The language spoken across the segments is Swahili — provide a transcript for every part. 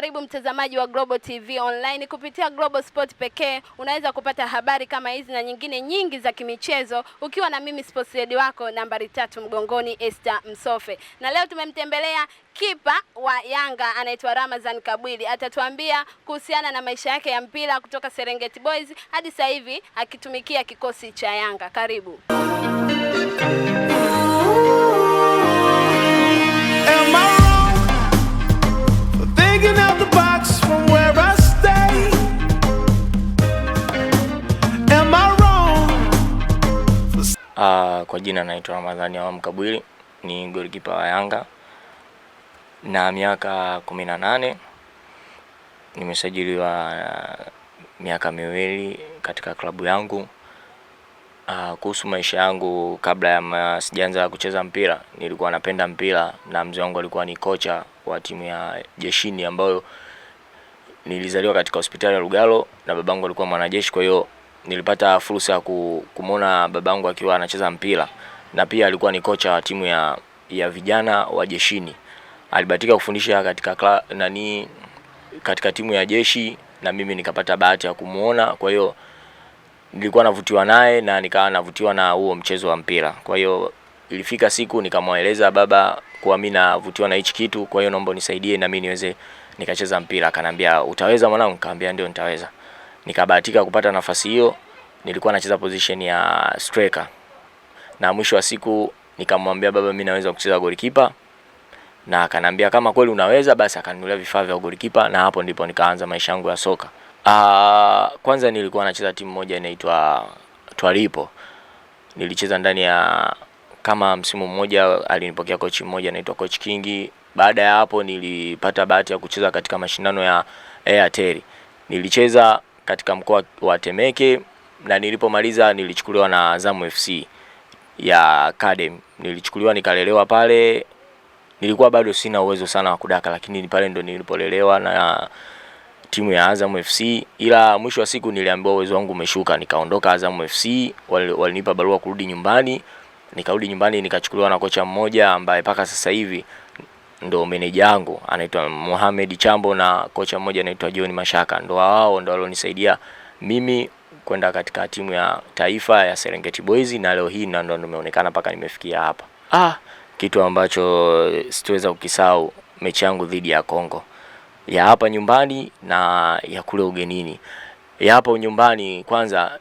Karibu mtazamaji wa Global TV Online. Kupitia Global Sport pekee unaweza kupata habari kama hizi na nyingine nyingi za kimichezo, ukiwa na mimi sports lead wako nambari tatu mgongoni, Esther Msofe, na leo tumemtembelea kipa wa Yanga anaitwa ramazan Kabwili. Atatuambia kuhusiana na maisha yake ya mpira kutoka Serengeti Boys hadi sasa hivi akitumikia kikosi cha Yanga. Karibu Uh, kwa jina naitwa Ramadhani Awam Kabwili ni golikipa wa Yanga na miaka kumi na nane. Nimesajiliwa ah, miaka miwili katika klabu yangu. Uh, kuhusu maisha yangu kabla ya sijaanza kucheza mpira, nilikuwa napenda mpira na mzee wangu alikuwa ni kocha wa timu ya jeshini ambayo nilizaliwa katika hospitali ya Lugalo na babangu alikuwa mwanajeshi, kwa hiyo nilipata fursa ya kumwona babangu akiwa anacheza mpira na pia alikuwa ni kocha wa timu ya ya vijana wa jeshini. Alibahatika kufundisha katika kla, nani katika timu ya jeshi na mimi nikapata bahati ya kumuona. Kwa hiyo nilikuwa navutiwa naye na nikawa navutiwa na huo mchezo wa mpira. Kwa hiyo ilifika siku nikamweleza baba kuwa mimi navutiwa na hichi kitu, kwa hiyo naomba unisaidie na mimi niweze nikacheza mpira. Akanambia utaweza mwanangu? Nikamwambia ndio nitaweza nikabahatika kupata nafasi hiyo. Nilikuwa nacheza position ya striker, na mwisho wa siku nikamwambia baba, mimi naweza kucheza goalkeeper, na akaniambia kama kweli unaweza basi, akanunulia vifaa vya goalkeeper, na hapo ndipo nikaanza maisha yangu ya soka. Ah, kwanza nilikuwa nacheza timu moja inaitwa Twalipo, nilicheza ndani ya kama msimu mmoja, alinipokea kochi mmoja anaitwa Coach Kingi. Baada ya hapo nilipata bahati ya kucheza katika mashindano ya Airtel, nilicheza katika mkoa wa Temeke, na nilipomaliza nilichukuliwa na Azam FC ya academy. Nilichukuliwa nikalelewa pale, nilikuwa bado sina uwezo sana wa kudaka, lakini pale ndo nilipolelewa na timu ya Azam FC, ila mwisho wa siku niliambiwa uwezo wangu umeshuka, nikaondoka Azam FC. Walinipa barua kurudi nyumbani, nikarudi nyumbani nikachukuliwa na kocha mmoja ambaye mpaka sasa hivi ndo meneja yangu anaitwa Mohamed Chambo na kocha mmoja anaitwa John Mashaka, ndo wao ndo walionisaidia mimi kwenda katika timu ya taifa ya Serengeti Boys, na leo hii ndo nimeonekana mpaka nimefikia hapa. Ah, kitu ambacho sitoweza kukisahau mechi yangu dhidi ya Kongo ya hapa nyumbani na ya kule ugenini. Ya hapa nyumbani, kwanza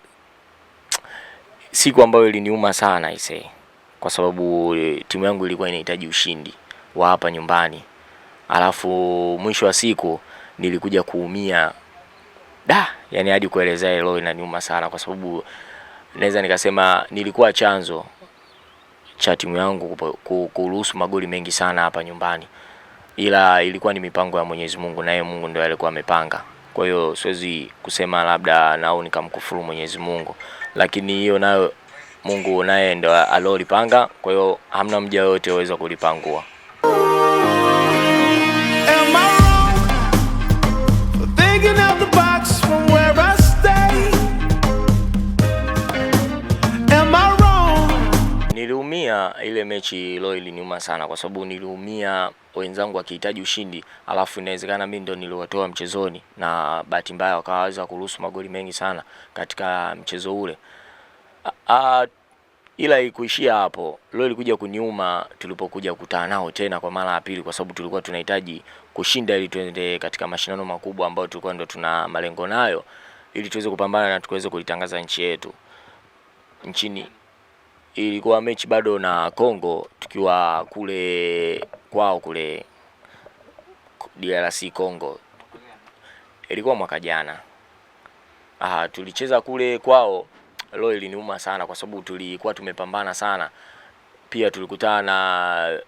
siku ambayo iliniuma sana ise, kwa sababu eh, timu yangu ilikuwa inahitaji ushindi wa hapa nyumbani, alafu mwisho wa siku nilikuja kuumia da, yani hadi kuelezea hilo inaniuma sana, kwa sababu naweza nikasema nilikuwa chanzo cha timu yangu kuruhusu magoli mengi sana hapa nyumbani, ila ilikuwa ni mipango ya Mwenyezi Mungu, naye Mungu ndio alikuwa amepanga. Kwa hiyo siwezi kusema labda nao nikamkufuru Mwenyezi Mungu, lakini hiyo nayo Mungu naye ndio alolipanga. Kwa hiyo hamna mja yoyote aweza kulipangua. niliumia ile mechi ilo iliniuma sana, kwa sababu niliumia wenzangu wakihitaji ushindi, alafu inawezekana mimi ndo niliwatoa mchezoni, na bahati mbaya wakaweza kuruhusu magoli mengi sana katika mchezo ule. A, ila ikuishia hapo. Leo ilikuja kuniuma tulipokuja kukutana nao tena kwa mara ya pili, kwa sababu tulikuwa tunahitaji kushinda ili tuende katika mashindano makubwa ambayo tulikuwa ndo tuna malengo nayo, ili tuweze kupambana na tuweze kulitangaza nchi yetu nchini ilikuwa mechi bado na Congo tukiwa kule kwao kule DRC kongo ilikuwa mwaka jana. Ah, tulicheza kule kwao, leo iliniuma sana kwa sababu tulikuwa tumepambana sana, pia tulikutana na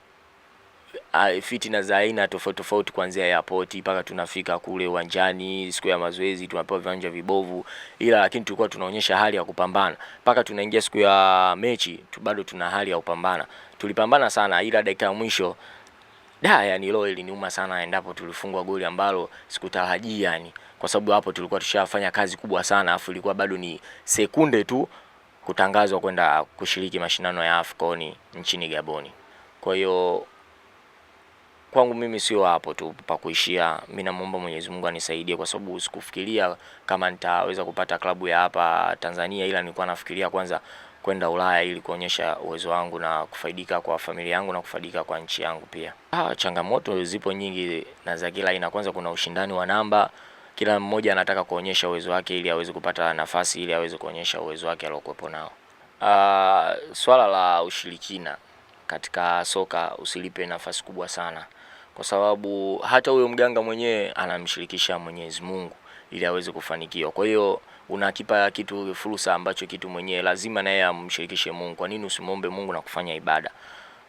Ah, fitina za aina tofauti tofauti, kuanzia airport mpaka tunafika kule uwanjani siku ya mazoezi, tunapewa viwanja vibovu, ila lakini tulikuwa tunaonyesha hali ya kupambana mpaka tunaingia siku ya mechi tu, bado tuna hali ya kupambana. Tulipambana sana, ila dakika ya mwisho da, yani leo iliniuma sana endapo tulifungwa goli ambalo sikutarajia yani, kwa sababu hapo tulikuwa tushafanya kazi kubwa sana, afu ilikuwa bado ni sekunde tu kutangazwa kwenda kushiriki mashindano ya AFCON nchini Gaboni, kwa hiyo kwangu mimi sio hapo tu pa kuishia. Mimi namuomba Mwenyezi Mungu anisaidie, kwa sababu sikufikiria kama nitaweza kupata klabu ya hapa Tanzania, ila nilikuwa nafikiria kwanza kwenda Ulaya ili kuonyesha uwezo wangu na kufaidika kwa familia yangu na kufaidika kwa nchi yangu pia. Ah, changamoto zipo nyingi na za kila aina. Kwanza kuna ushindani wa namba, kila mmoja anataka kuonyesha uwezo wake ili aweze kupata nafasi ili aweze kuonyesha uwezo wake aliokuwepo nao. Ah, swala la ushirikina katika soka usilipe nafasi kubwa sana kwa sababu hata huyo mganga mwenyewe anamshirikisha Mwenyezi Mungu ili aweze kufanikiwa. Kwa hiyo unakipa kitu fursa ambacho kitu mwenyewe lazima naye amshirikishe Mungu. Kwa nini usimwombe Mungu na kufanya ibada?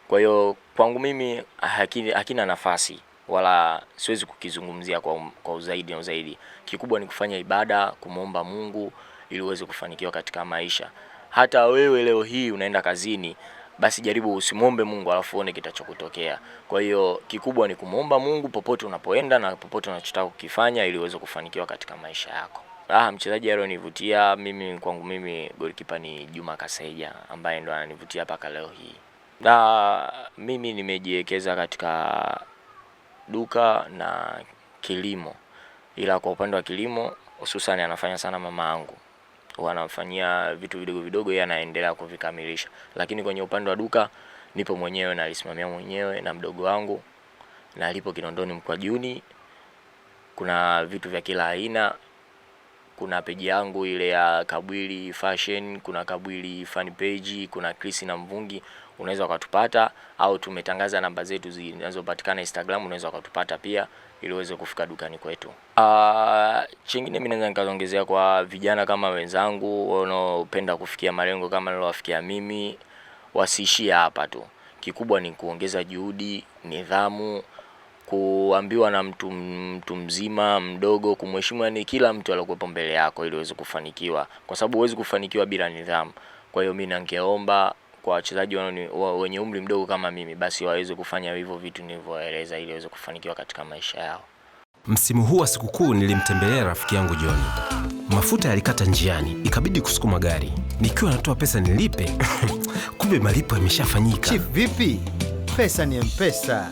Kwa hiyo kwangu mimi hakina, hakina nafasi wala siwezi kukizungumzia kwa, um, kwa uzaidi na uzaidi. Kikubwa ni kufanya ibada, kumwomba Mungu ili uweze kufanikiwa katika maisha. Hata wewe leo hii unaenda kazini basi jaribu usimwombe Mungu alafu uone kitachokutokea. Kwa hiyo kikubwa ni kumwomba Mungu popote unapoenda na popote unachotaka kukifanya ili uweze kufanikiwa katika maisha yako. Ah, mchezaji alionivutia mimi kwangu mimi golikipa ni Juma Kaseja ambaye ndo ananivutia mpaka leo hii. Na mimi nimejiwekeza katika duka na kilimo, ila kwa upande wa kilimo hususani anafanya sana mama yangu wanafanyia vitu vidogo vidogo, yeye anaendelea kuvikamilisha. Lakini kwenye upande wa duka nipo mwenyewe, nalisimamia mwenyewe na mdogo wangu, na lipo Kinondoni Mkwajuni. Kuna vitu vya kila aina kuna peji yangu ile ya Kabwili Fashion, kuna Kabwili Fan Page, kuna Chris na Mvungi, unaweza ukatupata au tumetangaza namba zetu zinazopatikana Instagram, unaweza ukatupata pia ili uweze kufika dukani kwetu. Uh, chingine mimi naweza nikaongezea kwa vijana kama wenzangu wanaopenda kufikia malengo kama nilowafikia mimi, wasiishie hapa tu. Kikubwa ni kuongeza juhudi, nidhamu kuambiwa na mtu mtu mzima mdogo, kumheshimu, yani kila mtu aliokuwepo mbele yako, ili uweze kufanikiwa, kwa sababu huwezi kufanikiwa bila nidhamu. Kwa hiyo mimi ningeomba kwa wachezaji wenye umri mdogo kama mimi, basi waweze kufanya hivyo vitu nilivyoeleza, ili waweze kufanikiwa katika maisha yao. Msimu huu wa sikukuu nilimtembelea rafiki yangu John. Mafuta yalikata njiani, ikabidi kusukuma gari. Nikiwa natoa pesa nilipe, kumbe malipo yameshafanyika. Chief, vipi? Pesa ni Mpesa.